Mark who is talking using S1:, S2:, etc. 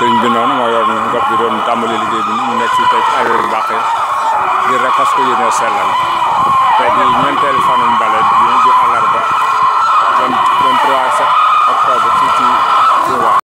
S1: sëñ bi noonu moo yor gox bi doon tàmbali liggéey bi ñu nekk ci tey ci affaire bi baaxee ngir rek parce que yéen a sellal
S2: tey di ñeenteel